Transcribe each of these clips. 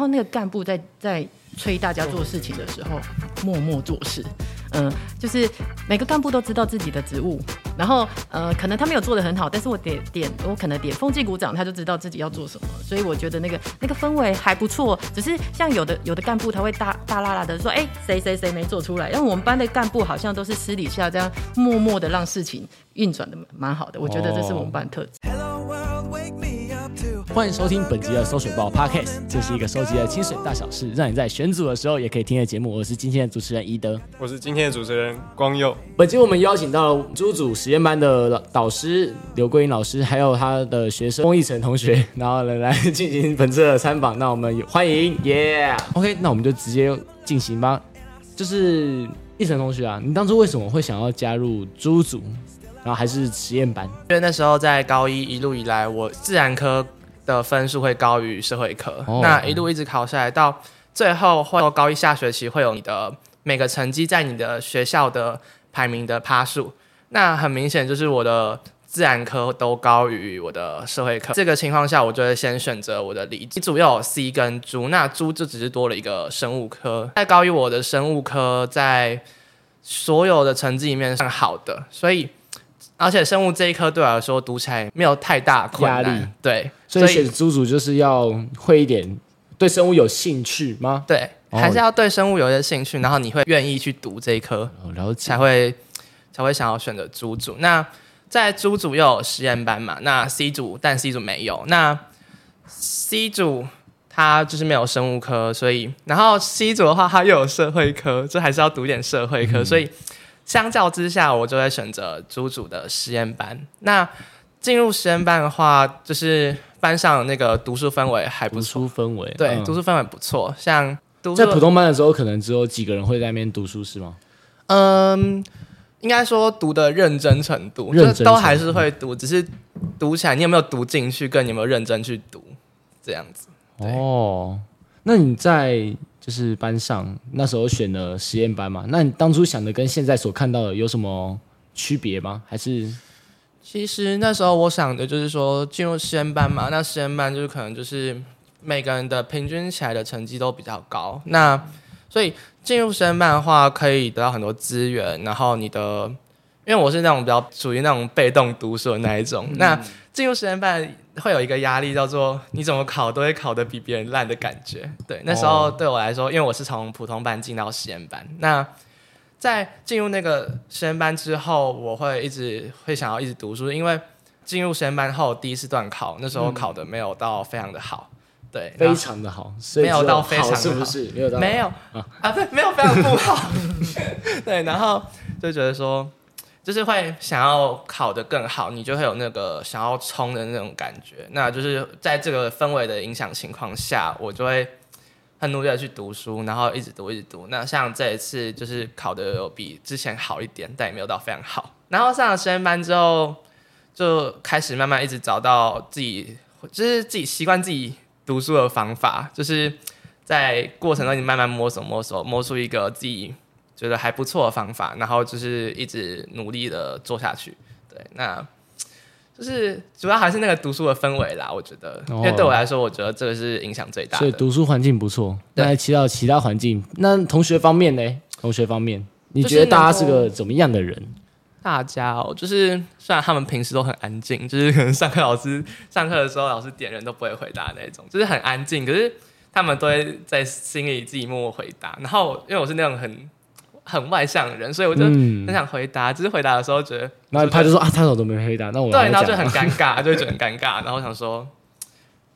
然後那個幹部在在催大家做事情的時候，默默做事，嗯，就是每個幹部都知道自己的職務。然後呃、嗯，可能他沒有做得很好，但是我點點我可能點風紀股長，他就知道自己要做什麼。所以我覺得那個那個氛圍還不錯。只是像有的有的幹部他會大大剌剌的說，哎，誰誰誰沒做出來。然後我們班的幹部好像都是私底下這樣默默的讓事情運轉得蠻，蠻好的，我覺得這是我們班的特質。哦。歡迎收聽本集的《搜水報》Podcast，這是一個收集的清水大小事，讓你在選組的時候也可以聽的節目。我是今天的主持人宜德，我是今天的主持人光佑。本期我們邀請到了 D 組實驗班的老導師劉桂英老師，還有他的學生龔一成同學，然後來來進行本次的參訪。那我們也歡迎，耶 Yeah!！OK，那我們就直接進行吧。就是一成同學啊，你當初為什麼會想要加入 D 組，然後還是實驗班？因為那時候在高一一路以來，我自然科的分數會高於社會科，oh, okay. 那一路一直考下來，到最後會到高一下學期會有你的每個成績在你的學校的排名的趴數。那很明顯就是我的自然科都高於我的社會科，這個情況下，我就會先選擇我的理。你主要有 C 跟 D，那 D 就只是多了一個生物科，再高於我的生物科，在所有的成績裡面是好的，所以。而且生物這一科對我來說讀起來沒有太大壓力，對，所以選 D 組就是要會一點，對生物有興趣嗎？對，哦、還是要對生物有些興趣，然後你會願意去讀這一科，哦、才會才會想要選擇 D 組。那在 D 組又有實驗班嘛？那 C 組，但 C 組沒有，那 C 組它就是沒有生物科，所以然後 C 組的話，它又有社會科，就還是要讀一點社會科，嗯、所以。相較之下，我就會選擇朱主，主的實驗班。那進入實驗班的話，就是班上那個讀書氛圍還不錯。讀書氛圍。對，嗯、讀書氛圍不錯。像讀在普通班的時候，可能只有幾個人會在那邊讀書，是嗎？嗯，應該說，讀的認真程度，程度就都還是會讀，只是讀起來你有沒有讀進去，跟你有沒有認真去讀這樣子。哦，那你在。就是班上那時候選了實驗班嘛。那你當初想的跟現在所看到的有什麼區別嗎？還是？其實那時候我想的就是說進入實驗班嘛，那實驗班就是可能就是每個人的平均起來的成績都比較高，那所以進入實驗班的話可以得到很多資源，然後你的，因為我是那種比較屬於那種被動讀書的那一種，嗯、那進入實驗班。會有一個壓力，叫做你怎麼考都會考得比別人爛的感覺。對，那時候對我來說，哦、因為我是從普通班進到實驗班。那在進入那個實驗班之後，我會一直會想要一直讀書，因為進入實驗班後第一次段考，那時候考得沒有到非常的好。嗯、對，非常的好，沒有到非常的好，好是不是？有到沒有，沒有啊，對，沒有非常不好。對，然後就覺得說。就是會想要考得更好，你就會有那個想要衝的那種感覺。那就是在這個氛圍的影響情況下，我就會很努力地去讀書，然後一直讀，一直讀。那像這一次就是考得有比之前好一點，但也沒有到非常好。然後上了實驗班之後，就開始慢慢一直找到自己，就是自己習慣自己讀書的方法，就是在過程中你慢慢摸索摸索，摸出一個自己，覺得還不錯的方法，然後就是一直努力的做下去。對，那就是主要還是那個讀書的氛圍啦。我覺得，oh、因為對我來說，我覺得這個是影響最大的。所以讀書環境不錯，那其他其他環境，對那同學方面呢？同學方面，你覺得大家是個怎麼樣的人？大家哦，就是雖然他們平時都很安靜，就是可能上課老師上課的時候，老師點人都不會回答那種，就是很安靜。可是他們都會在心裡自己默默回答。然後，因為我是那種很。很外向的人，所以我就很想回答，只是回答的時候覺得。那他就說啊，他怎麼都沒回答？那我對，那就很尷尬，就會覺得很尷尬。然後我想說，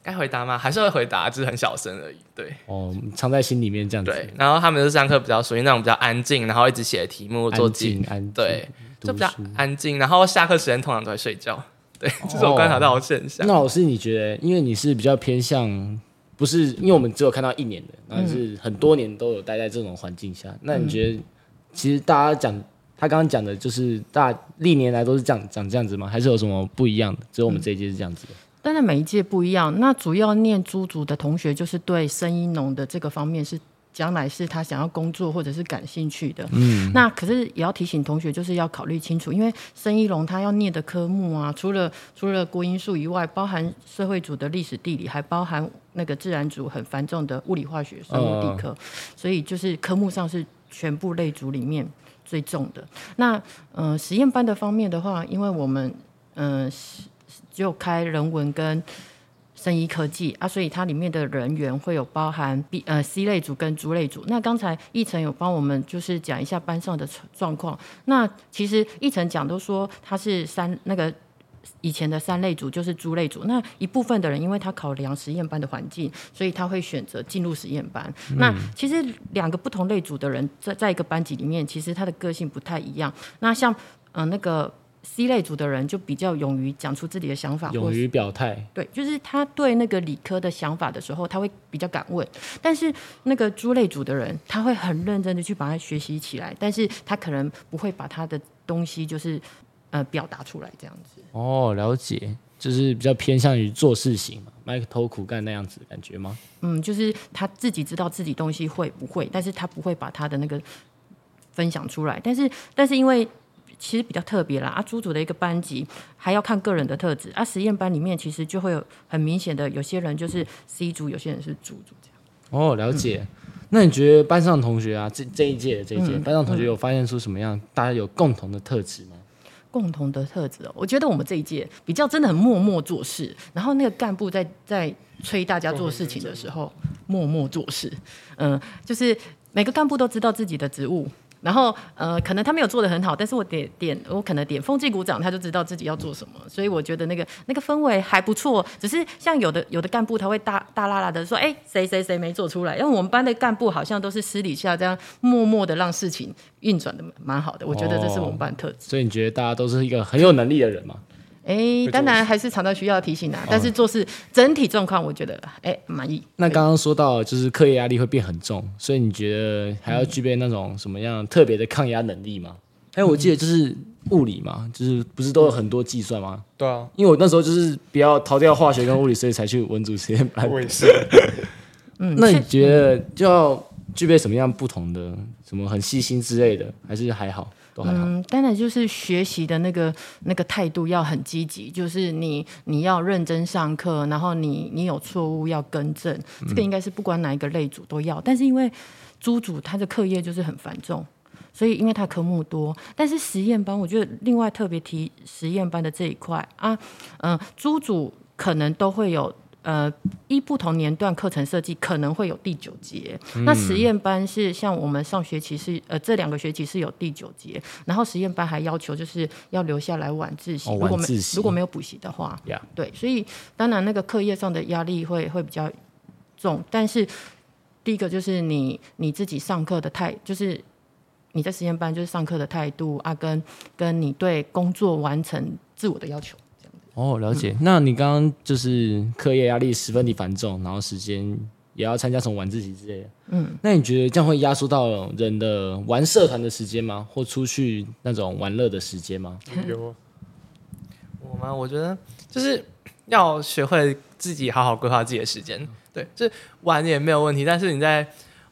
該回答嗎？還是會回答，只是很小聲而已。對哦，藏在心裡面這樣子。對，然後他們是上課比較屬於那種比較安靜，然後一直寫題目做題。安，對，就比較安靜。然後下課時間通常都在睡覺。對，這是我觀察到的現象。那老師，你覺得？因為你是比較偏向，不是因為我們只有看到一年的，而是很多年都有待在這種環境下，那你覺得？其實大家講，他剛剛講的就是，大家歷年來都是講講這樣子嗎？還是有什麼不一樣的？只有我們這一屆是這樣子的。嗯。但是每一屆不一樣。那主要念 D 組的同學，就是對生醫農的這個方面是將來是他想要工作或者是感興趣的。嗯。那可是也要提醒同學，就是要考慮清楚，因為生醫農他要念的科目啊，除了除了國英數以外，包含社會組的歷史地理，還包含那個自然組很繁重的物理化學生物地、嗯、科，所以就是科目上是。全部類組裡面最重的那嗯、呃、實驗班的方面的話，因為我們嗯就、呃、開人文跟生醫科技啊，所以它裡面的人員會有包含 B 呃 C 類組跟 D 類組。那剛才義成有幫我們就是講一下班上的狀況，那其實義成講都說他是三那個。以前的三類組就是豬類組，那一部分的人，因為他考量實驗班的環境，所以他會選擇進入實驗班。嗯、那其實兩個不同類組的人在在一個班級裡面，其實他的個性不太一樣。那像嗯、呃、那個 C 類組的人就比較勇於講出自己的想法，勇於表態。對，就是他對那個理科的想法的時候，他會比較敢問。但是那個豬類組的人，他會很認真的去把他學習起來，但是他可能不會把他的東西就是。呃，表達出來這樣子。哦，了解，就是比較偏向於做事情嘛，埋頭苦幹那樣子的感覺嗎？嗯，就是他自己知道自己東西會不會，但是他不會把他的那個分享出來。但是，但是因為其實比較特別啦，啊，D 組的一個班級還要看個人的特質啊。實驗班裡面其實就會有很明顯的，有些人就是 C 組，有些人是 D 組這樣。哦，了解。嗯、那你覺得班上同學啊，這這一屆的這一屆、嗯、班上同學有發現出什麼樣、嗯、大家有共同的特質嗎？共同的特質哦，我覺得我們這一屆比較真的很默默做事，然後那個幹部在在催大家做事情的時候默默做事，嗯，就是每個幹部都知道自己的職務。然後，呃，可能他沒有做得很好，但是我點點，我可能點風紀股長，他就知道自己要做什麼，嗯、所以我覺得那個那個氛圍還不錯。只是像有的有的幹部他會大大喇喇的說，哎，誰誰誰沒做出來，因為我們班的幹部好像都是私底下這樣默默的讓事情運轉得蠻，蠻好的，我覺得這是我們班的特質、哦。所以你覺得大家都是一個很有能力的人嗎？哎，當然還是常常需要提醒啊。但是做事整體狀況，我覺得哎滿意。那剛剛說到就是課業壓力會變很重，所以你覺得還要具備那種什麼樣特別的抗壓能力嗎？哎，我記得就是物理嘛，就是不是都有很多計算嗎？嗯、對啊。因為我那時候就是比較逃掉化學跟物理，所以才去文組實驗班。我也是。嗯， 那你覺得就要具備什麼樣不同的，什麼很細心之類的，還是還好？嗯，當然就是學習的那個那個態度要很積極，就是你你要認真上課，然後你你有錯誤要更正，這個應該是不管哪一個類組都要。但是因為 D 組他的課業就是很繁重，所以因為他科目多，但是實驗班我覺得另外特別提實驗班的這一塊啊，嗯、呃，D 組可能都會有。呃，依不同年段課程設計可能會有第九節，嗯、那實驗班是像我們上學期是呃這兩個學期是有第九節，然後實驗班還要求就是要留下來晚自習，哦、晚自習如果沒如果沒有補習的話，Yeah. 對，所以當然那個課業上的壓力會會比較重，但是第一個就是你你自己上課的態，就是你在實驗班就是上課的態度啊跟，跟跟你對工作完成自我的要求。哦，了解。嗯、那你剛剛就是課業壓力十分的繁重，然後時間也要參加什麼晚自習之類的。嗯，那你覺得這樣會壓縮到人的玩社團的時間嗎？或出去那種玩樂的時間嗎？有、嗯、我嗎？我覺得就是要學會自己好好規劃自己的時間。嗯、對，就是玩也沒有問題，但是你在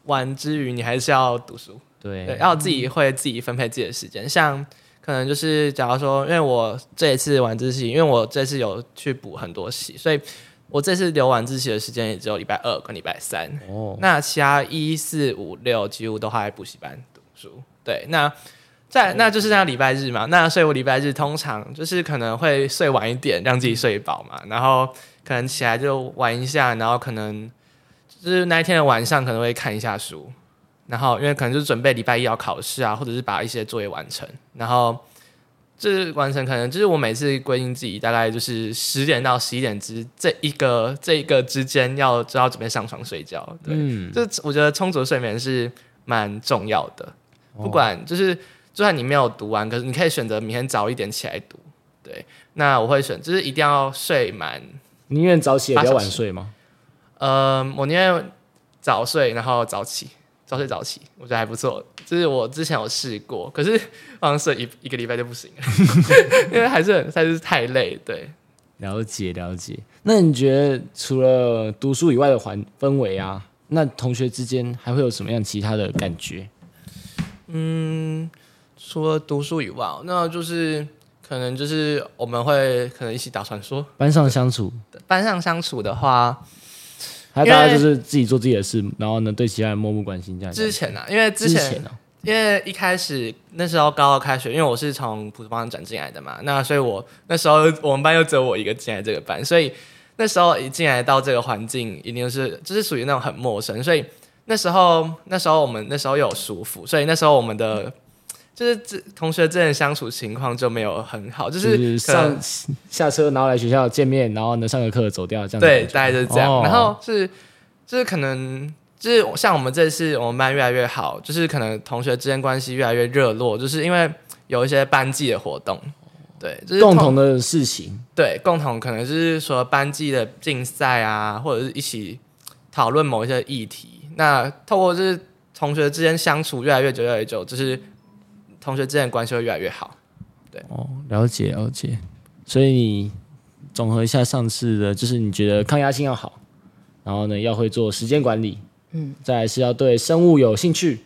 玩之餘，你還是要讀書。對，對，要自己會自己分配自己的時間，像可能就是，假如說，因為我這一次晚自習，因為我這次有去補很多習，所以我這次留晚自習的時間也只有禮拜二跟禮拜三。哦。那其他一四五六幾乎都還在補習班讀書。對。那在，那就是在禮拜日嘛。那所以我禮拜日通常就是可能會睡晚一點，讓自己睡飽嘛。然後可能起來就玩一下，然後可能就是那一天的晚上可能會看一下書。然後，因為可能就是準備禮拜一要考試啊，或者是把一些作業完成。然後，就是完成可能就是我每次規定自己大概就是十點到十一點之這一個這一個之間要就要準備上床睡覺。對，嗯、就是我覺得充足睡眠是蠻重要的。哦、不管就是就算你沒有讀完，可是你可以選擇明天早一點起來讀。對，那我會選就是一定要睡滿，寧願早起也不要晚睡嗎？呃、嗯，我寧願早睡然後早起。早睡早起，我覺得還不錯。就是我之前有試過，可是我好像睡一一個禮拜就不行了， 因為還是很還是太累。對，了解了解。那你覺得除了讀書以外的環氛圍啊，那同學之間還會有什麼樣其他的感覺？嗯，除了讀書以外哦，那就是可能就是我們會可能一起打傳說，班上相處。班上相處的話。他大概就是自己做自己的事，為然後呢，對其他人漠不關心這樣子。之前呢、啊，因為之前，之前啊、因為一開始那時候高二開學，因為我是從普通班轉進來的嘛，那所以我那時候我們班又只有我一個進來這個班，所以那時候一進來到這個環境，一定是就是屬於、就是、那種很陌生，所以那時候那時候我們那時候有舒服，所以那時候我們的。嗯就是這同學之間的相處情況就沒有很好，就是，就是上下車，然後來學校見面，然後呢上個課走掉，這樣對，好好大概就這樣。哦、然後是就是可能就是像我們這次我們班越來越好，就是可能同學之間關係越來越熱絡，就是因為有一些班級的活動，對，就是共，共同的事情，對，共同可能就是說班級的競賽啊，或者是一起討論某一些議題。那透過就是同學之間相處越來越久，越來越久，就是。同學之間關係會越來越好，對哦，了解了解。所以，你綜合一下上次的，就是你覺得抗壓性要好，然後呢要會做時間管理，嗯，再來是要對生物有興趣，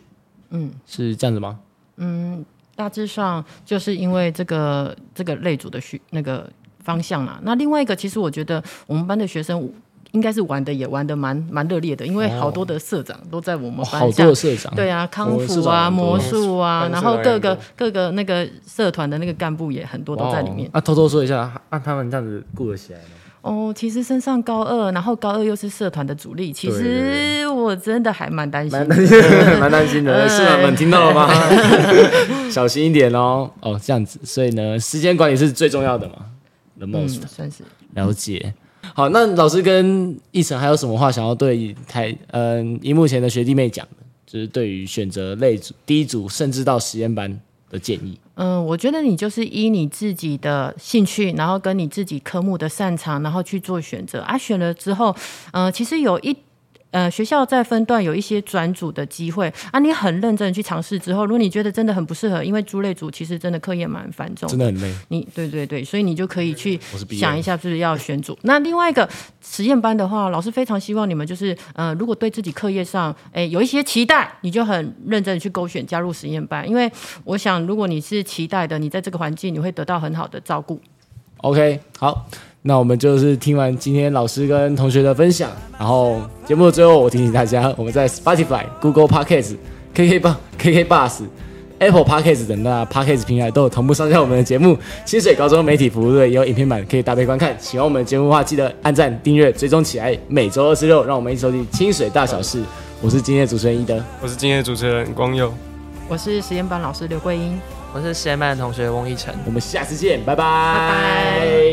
嗯，是這樣子嗎？嗯，大致上就是因為這個這個類組的學那個方向啦。那另外一個，其實我覺得我們班的學生。應該是玩的，也玩的蠻蠻熱烈的，因為好多的社長都在我們班，好多社長。對啊，康輔啊，魔術啊，然後各個各個那個社團的那個幹部也很多都在裡面。啊，偷偷說一下，讓他們這樣子顧得起來嗎？哦，其實升上高二，然後高二又是社團的主力，其實我真的還蠻擔心，蠻擔心的，蠻擔心的。社長們聽到了嗎？小心一點哦。哦這樣子，所以呢，時間管理是最重要的嘛，嗯，算是了解。好，那老師跟一成還有什麼話想要對台，嗯，熒幕前的學弟妹講的，就是對於選擇類組 D 組甚至到實驗班的建議。嗯，我覺得你就是依你自己的興趣，然後跟你自己科目的擅長，然後去做選擇啊。選了之後，嗯，其實有一。呃，學校在分段有一些轉組的機會啊，你很認真去嘗試之後，如果你覺得真的很不適合，因為 D 類組其實真的課業蠻繁重，真的很累。你對對對，所以你就可以去想一下，就是要選組。那另外一個實驗班的話，老師非常希望你們就是呃，如果對自己課業上誒有一些期待，你就很認真去勾選加入實驗班，因為我想如果你是期待的，你在這個環境，你會得到很好的照顧。OK，好，那我們就是聽完今天老師跟同學的分享，然後節目的最後，我提醒大家，我們在 Spotify、Google Podcast、KK 棒、KK Bus、Apple Podcast 等的 Podcast 平台都有同步上架我們的節目。清水高中媒體服務隊也有影片版可以搭配觀看。喜歡我們節目的話，記得按讚、訂閱、追蹤起來。每周二四六，讓我們一起收集清水大小事。我是今天的主持人一登，我是今天的主持人光佑，我是實驗班老師劉桂英。我是實驗班的同學翁一晨，我們下次見，拜拜。拜拜拜拜。